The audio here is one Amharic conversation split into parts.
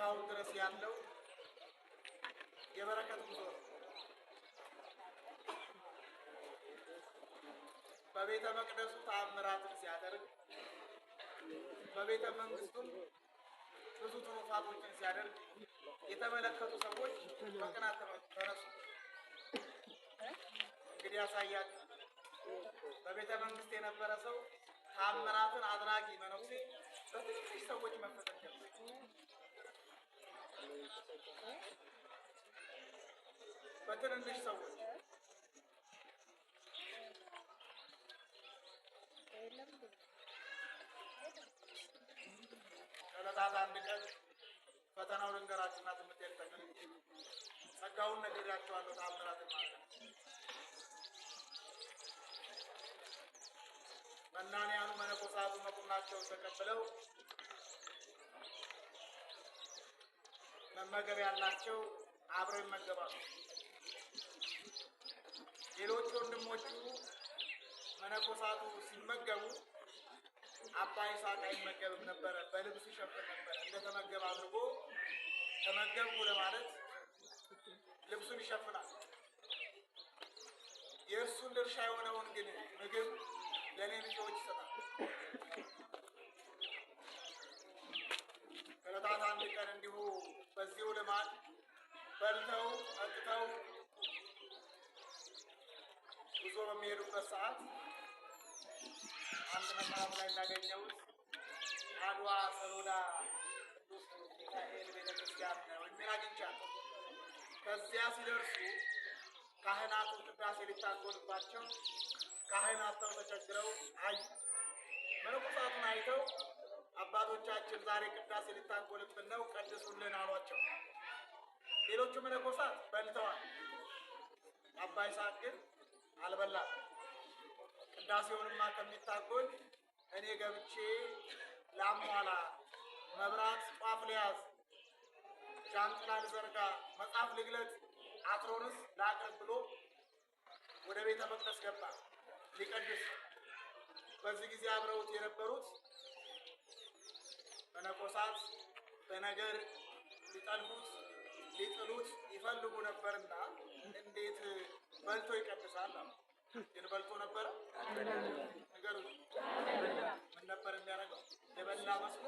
እስካሁን ድረስ ያለው የበረከት ጉዞ ነው። በቤተ መቅደሱ ተአምራትን ሲያደርግ በቤተ መንግስቱም ብዙ ትሩፋቶችን ሲያደርግ የተመለከቱ ሰዎች በቅናት ተነሱ። እንግዲህ ያሳያል። በቤተ መንግስት የነበረ ሰው ተአምራትን አድራጊ መነኩሴ በትንሽ ሰዎች መፈጠር በትንንሽ ሰዎች ከዕለታት አንድ ቀን ፈተናውን ልንገራችሁና ትምህርት የጠቅል ጸጋውን ነግሬያቸዋለሁ። ተአምራት መናንያኑ መነኮሳቱ መቁናቸውን ተቀብለው መመገብ ያላቸው አብረው ይመገባሉ። ሌሎች ወንድሞቹ መነኮሳቱ ሲመገቡ አባ ይስሐቅ አይመገብም ነበረ፣ በልብስ ይሸፍን ነበር። እንደተመገበ አድርጎ ተመገብኩ ለማለት ልብሱን ይሸፍናል። የእርሱን ድርሻ የሆነውን ግን ምግብ ለእኔ ልጆች ይሰጣል። ከዕለታት አንድ ቀን እንዲሁ በዚሁ ልማት በልተው ጠጥተው ጉዞ በሚሄዱበት ሰዓት አንድ መጽሐፍ ላይ እንዳገኘሁት አድዋ ሰሎዳ ቅዱስ ሚካኤል ቤተክርስቲያን ነው የሚል አግኝቻለሁ። ከዚያ ሲደርሱ ካህናት ቅዳሴ ሊታጎልባቸው ካህናት ተው ተቸግረው አይ መነኮሳቱን አይተው አባቶቻችን ዛሬ ቅዳሴ ልታንጎልብን ነው ቀድሱልን አሏቸው። ሌሎቹ መነኮሳት በልተዋል። አባ ይስሐቅ ግን አልበላም። ቅዳሴውንማ ከሚታጎል እኔ ገብቼ ላሟላ፣ መብራት ጧፍ ልያዝ፣ ጃንጥላ ልዘርጋ፣ መጽሐፍ ልግለጥ፣ አትሮንስ ላቅርብ ብሎ ወደ ቤተ መቅደስ ገባ ሊቀድስ። በዚህ ጊዜ አብረውት የነበሩት መነኮሳት በነገር ሊጠልፉት ሊጥሉት ይፈልጉ ነበርና እንዴት በልቶ ይቀድሳል? ግን በልቶ ነበረ። ነገሩ ምን ነበር የሚያደርገው? የበላ መስሎ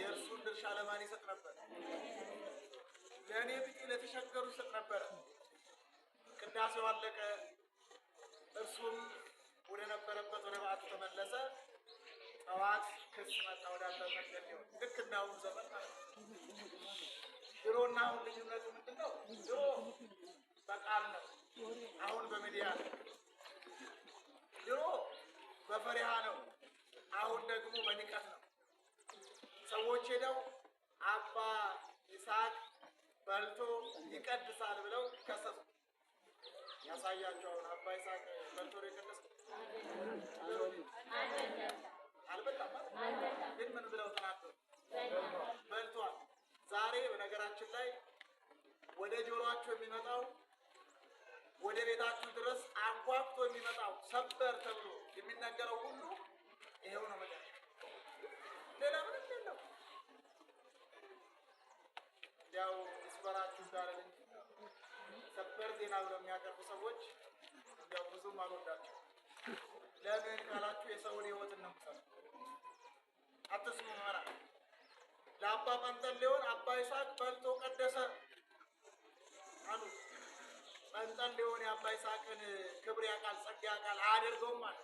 የእርሱን ድርሻ ለማን ይሰጥ ነበር? ለእኔ ብዬ ለተሸገሩ ይሰጥ ነበረ። ቅዳሴው አለቀ። እርሱም ወደ ነበረበት ወደ በዓቱ ተመለሰ። ጠዋት ክስ መጣ ወዳለበት ልክ እንዳሁን ዘመን ማለት ነው። ድሮና አሁን ልዩነቱ ምንድን ነው? ድሮ በቃል ነው፣ አሁን በሚዲያ ነው። ድሮ በፈሪሃ ነው፣ አሁን ደግሞ በንቀት ነው። ሰዎች ሄደው አባ ይስሐቅ በልቶ ይቀድሳል ብለው ከሰሱ። ያሳያቸው አሁን አባ ይስሐቅ በልቶ ነው አልበላም ማለት ግን ምን ብለው ጥናት በልቷል። ዛሬ በነገራችን ላይ ወደ ጆሮአችሁ የሚመጣው ወደ ቤታችሁ ድረስ አንኳኩቶ የሚመጣው ሰበር ተብሎ የሚነገረው ሁሉ ይሄው ነው። መዳ ሌላ ምንም የለው። እንዲያው ይስበራችሁ ዳረ እንጂ ሰበር ዜና ብለው የሚያቀርቡ ሰዎች እንዲያው ብዙም አልወዳቸው። ለምን ካላችሁ የሰውን ህይወት ነው አትስሙ ምዕመናን። ለአባ ጰንጠሌዎን አባ ይስሐቅ በልቶ ቀደሰ አሉ። ጰንጠሌዎን የአባ ይስሐቅን ክብር ያውቃል፣ ጸጋ ያውቃል፣ አያደርገውም አለ።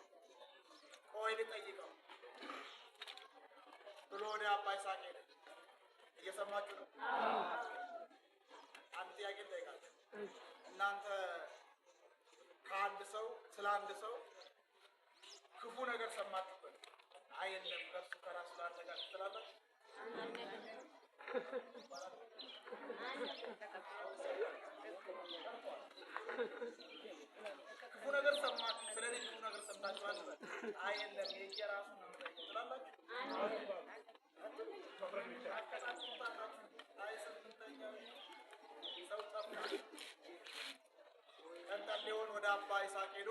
ቆይ ልጠይቀው ብሎ ወደ አባ ይስሐቅ ሄደ። እየሰማችሁ ነው። አንድ ጥያቄ እንጠይቃለን። እናንተ ከአንድ ሰው ስለ አንድ ሰው ክፉ ነገር ሰማችሁ አየለም ከእሱ ከራሱ ጋር አረጋችሁ ትላለች። ክፉ ነገር ሰማችሁ፣ ስለ ክፉ ነገር ሰምታችኋል። አየለም የየራሱ ነው ትላላችሁ። ሰው ጠፍታ ሊሆን ወደ አባ ይስሐቅ ሄዶ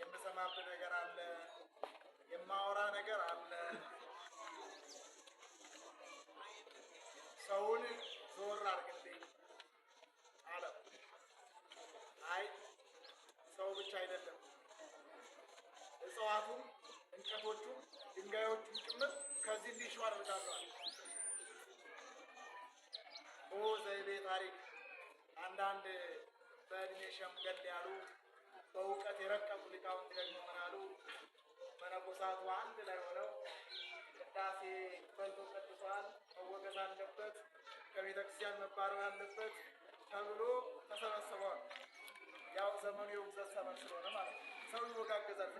የምሰማብህ ነገር አለ የማወራ ነገር አለ። ሰውን ዞር አድርግልኝ አለ። አይ ሰው ብቻ አይደለም፣ እጽዋቱም፣ እንጨቶቹም፣ ድንጋዮቹም ጭምር ከዚህ ሊሹ አድርጋቸዋል። ኦ ዘይቤ ታሪክ አንዳንድ በእድሜ ሸምገል ያሉ በእውቀት የረቀቁ ሊቃውንት ደግሞ ምን አሉ? መነኮሳቱ አንድ ላይ ሆነው ቅዳሴ በልቶ ቀድሷል፣ መወገዝ አለበት፣ ከቤተ ክርስቲያን መባረር አለበት ተብሎ ተሰበስበዋል። ያው ዘመኑ የውግዘት ዘመን ስለሆነ ማለት ነው። ሰው ይወጋገዛል።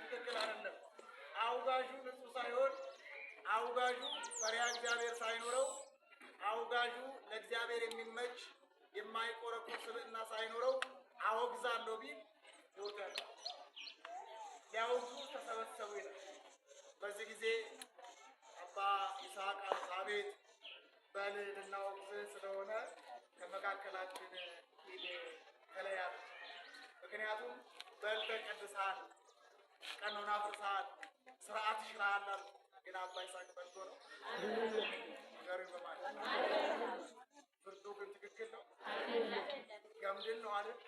ትክክል አይደለም። አውጋዡ ንጹህ ሳይሆን አውጋዡ ፈሪሃ እግዚአብሔር ሳይኖረው አውጋዡ ለእግዚአብሔር የሚመች የማይቆረቁር ስብዕና ሳይኖረው አወግዛለሁ ቢል ይወጋል። ሊያውቁ ተሰበሰቡ ይላል። በዚህ ጊዜ አባ ይስሐቅ አልሳቤት በልዕልናው ስለሆነ ከመካከላችን ሂድ ተለያሉ። ምክንያቱም በልተ ቅድሳት ቀኖና ፍርሳል ስርዓት ሽራአለ ግን አባ ይስሐቅ በልቶ ነው ነገሩ በማለት ፍርዱ ግን ትክክል ነው ገምድን ነው አይደል?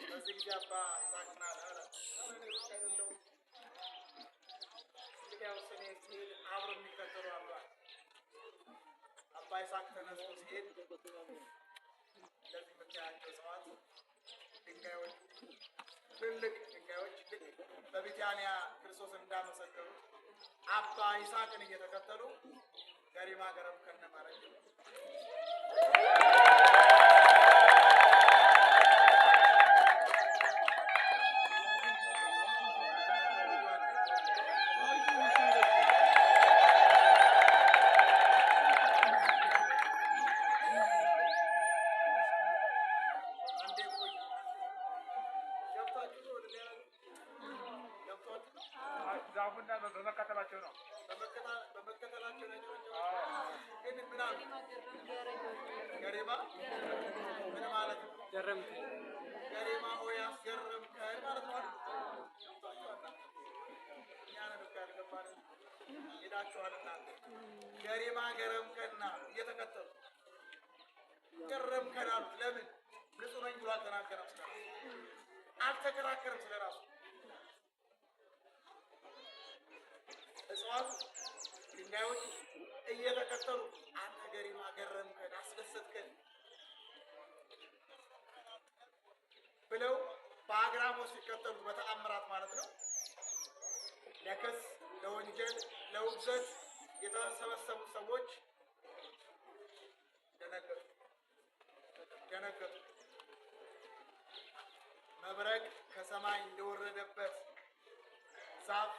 በዚህ ጊዜ አባ ይሳቅና ላለ እንግዲያው ስኔ ሲሄድ አብሮ የሚከተሉ አሏል። አባ ይሳቅ ተነስቶ ሲሄድ እንደዚህ የምታያቸው እጽዋት ድንጋዮች፣ ትልልቅ ድንጋዮች በቢታንያ ክርስቶስን እንዳመሰገኑ አባ ይሳቅን እየተከተሉ ገሪማ ገረብ ከነማረጅ ዛፉና በመከተላቸው ነው። በመከተላቸው ግን ገሪማ ምን ማለት ነው? ገሪማ ገረምከና እየተከተሉ ለምን ንጹህ ነኝ ብሎ አልተናገረም። አልተከራከርም እያሉ ድንጋዮች እየተከተሉ አንተ ገሪማ ገረምከን፣ አስደሰትከን ብለው በአግራሞት ሲከተሉ በተአምራት ማለት ነው። ለክስ ለወንጀል፣ ለውግዘት የተሰበሰቡ ሰዎች ደነገጡ ደነገጡ። መብረቅ ከሰማይ እንደወረደበት ዛፍ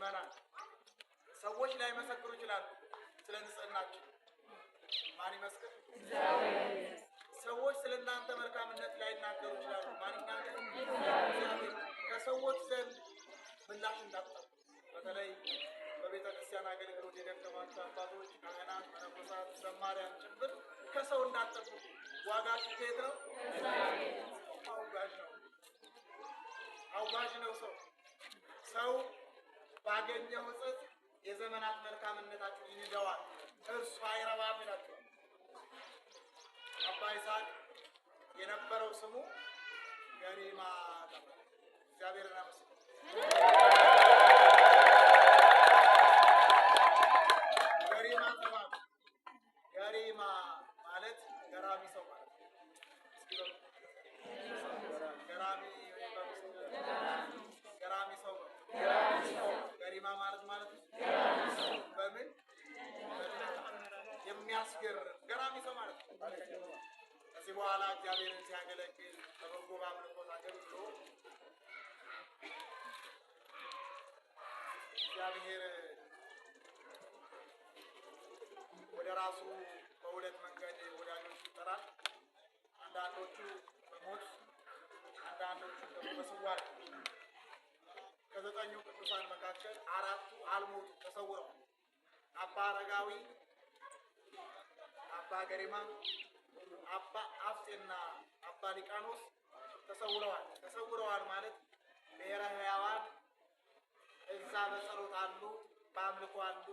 ምዕመናን ሰዎች ላይ መሰክሩ ይችላሉ። ስለ ንጽህናችን ማን ይመስክር? ሰዎች ስለ እናንተ መልካምነት ላይ ይናገሩ ይችላሉ። ማን ይናገር? ከሰዎች ዘንድ ምላሽ እንዳጣ በተለይ በቤተ ክርስቲያን አገልግሎት የደከማችሁ አባቶች፣ ካህናት፣ መነኮሳት፣ ዘማሪያን ጭምር ከሰው እንዳጠብቁ ዋጋችሁ ስኬት ነው። አውጋዥ ነው። አውጋዥ ነው ሰው ሰው ባገኘው ጽጽ የዘመናት መልካምነታችሁ ይንደዋል፣ እርሱ አይረባም ይላቸዋል። አባ ይስሐቅ የነበረው ስሙ ገሪማ ተባለ። እግዚአብሔርን አመስግኑ። ገሪማ ተባለ። ገሪማ ማለት ገራሚ ሰው ማለት ገሪማ ማለት ማለት ነው። በምን የሚያስገርም ገራሚ ሰው ማለት ነው። ከዚህ በኋላ እግዚአብሔርን ሲያገለግል በበጎ በአምልኮት አገልግሎ እግዚአብሔር ወደ ራሱ በሁለት መንገድ ወዳጆች ይጠራል። አንዳንዶቹ በሞት አንዳንዶቹ ደግሞ በስዋር ከዘጠኙ ቅዱሳን መካከል አራቱ አልሞቱ ተሰውረው አባ አረጋዊ፣ አባ ገሪማ፣ አባ አፍጤና አባ ሊቃኖስ ተሰውረዋል። ተሰውረዋል ማለት ብሔረ ሕያዋን እዛ በጸሎት አሉ፣ በአምልኮ አሉ፣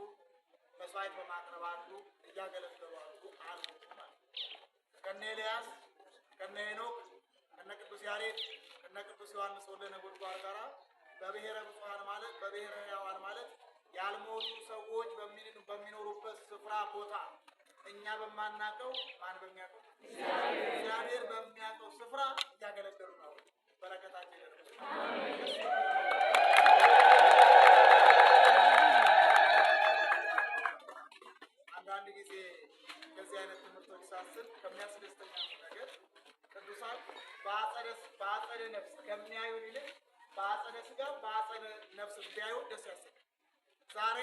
መስዋዕት በማቅረብ አሉ፣ እያገለገሉ አሉ። አልሞቱ ማለት ከነ ኤልያስ ከነ ሄኖክ ከነ ቅዱስ ያሬድ ከነ ቅዱስ ዮሐንስ ወልደ ነጎድጓድ ጋራ በብሔረ ብፁዓን ማለት በብሔረ ሕያዋን ማለት ያልሞቱ ሰዎች በሚኖሩበት ስፍራ ቦታ እኛ በማናቀው ማን በሚያውቀው እግዚአብሔር በሚያውቀው ስፍራ እያገለገሉ ነው። በረከታቸው ይደርሳል።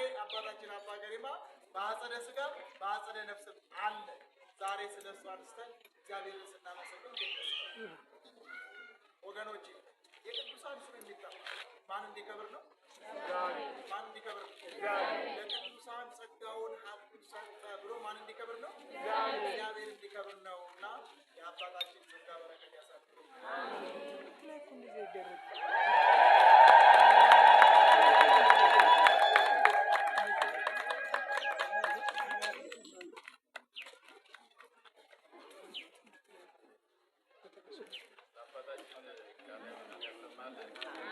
ዛሬ አባታችን አባ ገሪማ በአጸደ ስጋ በአጸደ ነፍስ አለ። ዛሬ ስለ እሱ አንስተን እግዚአብሔርን ስናመሰግን ወገኖች የቅዱሳን ስም የሚጠራ ማን እንዲከብር ነው? ማን እንዲከብር ነው? ለቅዱሳን ጸጋውን ሀብቱን ሰጠ ብሎ ማን እንዲከብር ነው? እግዚአብሔር እንዲከብር ነው እና የአባታችን ጸጋ በረከት ያሳድሩ። Thank you.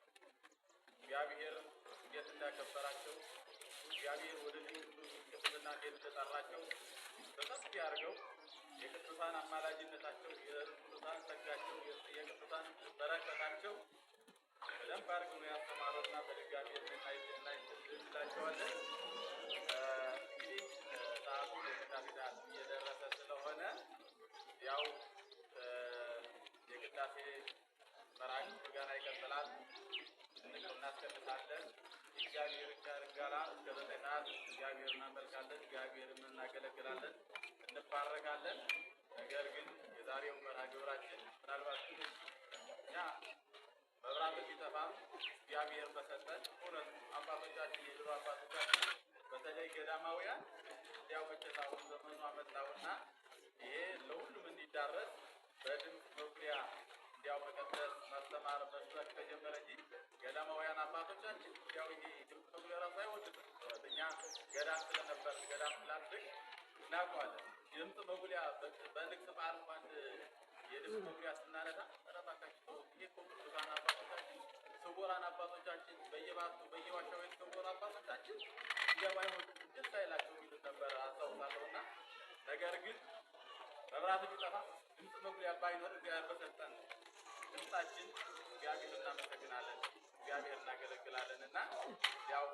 እንዳከበራቸው እግዚአብሔር ወደዚህ ቅስና እንዴት እንደጠራቸው በሰፊ አድርገው የቅዱሳን አማላጅነታቸው፣ የቅዱሳን ጸጋቸው፣ የቅዱሳን በረከታቸው በደንብ አድርገው ነው ያስተማረውና በድጋሚ እናይላቸዋለን። እንግዲህ ሰዓቱ የቅዳሴ እየደረሰ ስለሆነ ያው የቅዳሴ መርሃ ግብሩ ገና ይቀጥላል። ሰዓት እግዚአብሔር እናመልካለን፣ እግዚአብሔርን እናገለግላለን፣ እንባረካለን። ነገር ግን የዛሬው መርሃ ግብራችን ምናልባት እኛ መብራቱ ቢጠፋም እግዚአብሔር በሰጠን እውነት አባቶቻችን የድሮ አባቶቻችን በተለይ ገዳማውያን እንዲያው መቼስ አሁን ዘመኑ አመጣውና ይሄ ለሁሉም እንዲዳረስ በድምፅ መኩሪያ እንዲያው መቀደስ ማስተማር መስበክ ተጀመረ እንጂ ገዳማውያን አባቶቻችን እንዲያው ይሄ ድምፅ ተጉል ራሱ አይወድም። እኛ ገዳም ስለነበር ገዳም ስላድግ እናውቀዋለን። ድምፅ መጉሊያ በንግስ በዓለም አንድ የድምፅ መጉሊያ ስናነሳ ረባካቸው ይሄ እኮ አባቶቻችን ስውራን አባቶቻችን በየባቱ በየዋሻው የተሰወሩ አባቶቻችን እንዲያባይሆን ደስ አይላቸው የሚሉት ነበር አስታውሳለሁ። ነገር ግን መብራቱ ቢጠፋ ድምፅ መጉሊያ ባይኖር እግዚአብሔር በሰጠን ድምጻችን እግዚአብሔር እናመሰግናለን፣ እግዚአብሔር እናገለግላለን እና ያው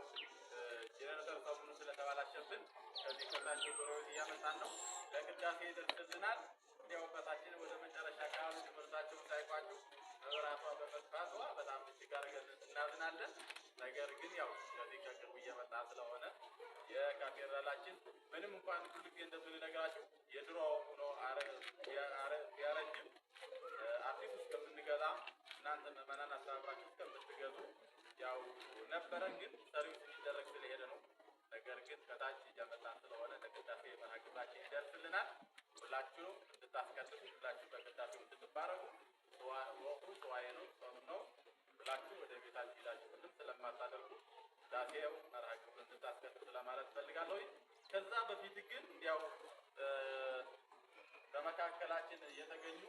ጀነሬተር ሰሙኑ ስለተባላሸብን ከዚህ ከታቸው ዶሮ እያመጣን ነው። ለቅዳሴ ደርስልናል። እንዲያው በታችን ወደ መጨረሻ አካባቢ ትምህርታቸው ሳይቋችሁ በራሷ በመጥፋቷ በጣም እጅግ አድርገን እናዝናለን። ነገር ግን ያው ከዚህ ከቅርቡ እየመጣ ስለሆነ የካቴድራላችን ምንም እንኳን ሁሉ ጊዜ የድሮ ሆኖ ቢያረጅም እናንተ ምዕመናን አስተባብራችሁ ከምትገዙ ያው ነበረ፣ ግን ሰርቪስ እንዲደረግ ስለሄደ ነው። ነገር ግን ከታች እያመጣን ስለሆነ ለቅዳሴ መርሃ ግብራችን ይደርስልናል። ሁላችሁ እንድታስቀድሱ፣ ሁላችሁ በቅዳሴው እንድትባረኩ። ወቅቱ ሰዋዬ ነው፣ ጾም ነው። ሁላችሁ ወደ ቤታችሁ ይዛችሁ ምንም ስለማታደርጉ ቅዳሴው መርሃ ግብር እንድታስቀድሱ ለማለት ፈልጋለሁ። ከዛ በፊት ግን ያው በመካከላችን የተገኙ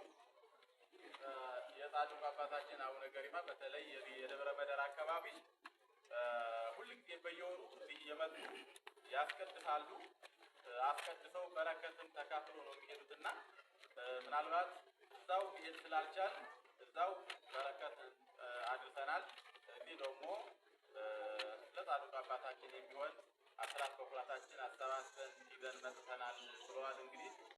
የጻድቁ አባታችን አቡነ ገሪማ በተለይ የደብረ መደር አካባቢ ሁልጊዜ በየወሩ እየመጡ ያስቀድሳሉ። አስቀድሰው በረከትን ተካፍሎ ነው የሚሄዱትና ምናልባት እዛው መሄድ ስላልቻል እዛው በረከትን አድርሰናል። እዚህ ደግሞ ለጻድቁ አባታችን የሚሆን አስራት በኩራታችን አሰባስበን ይዘን መጥተናል ብለዋል እንግዲህ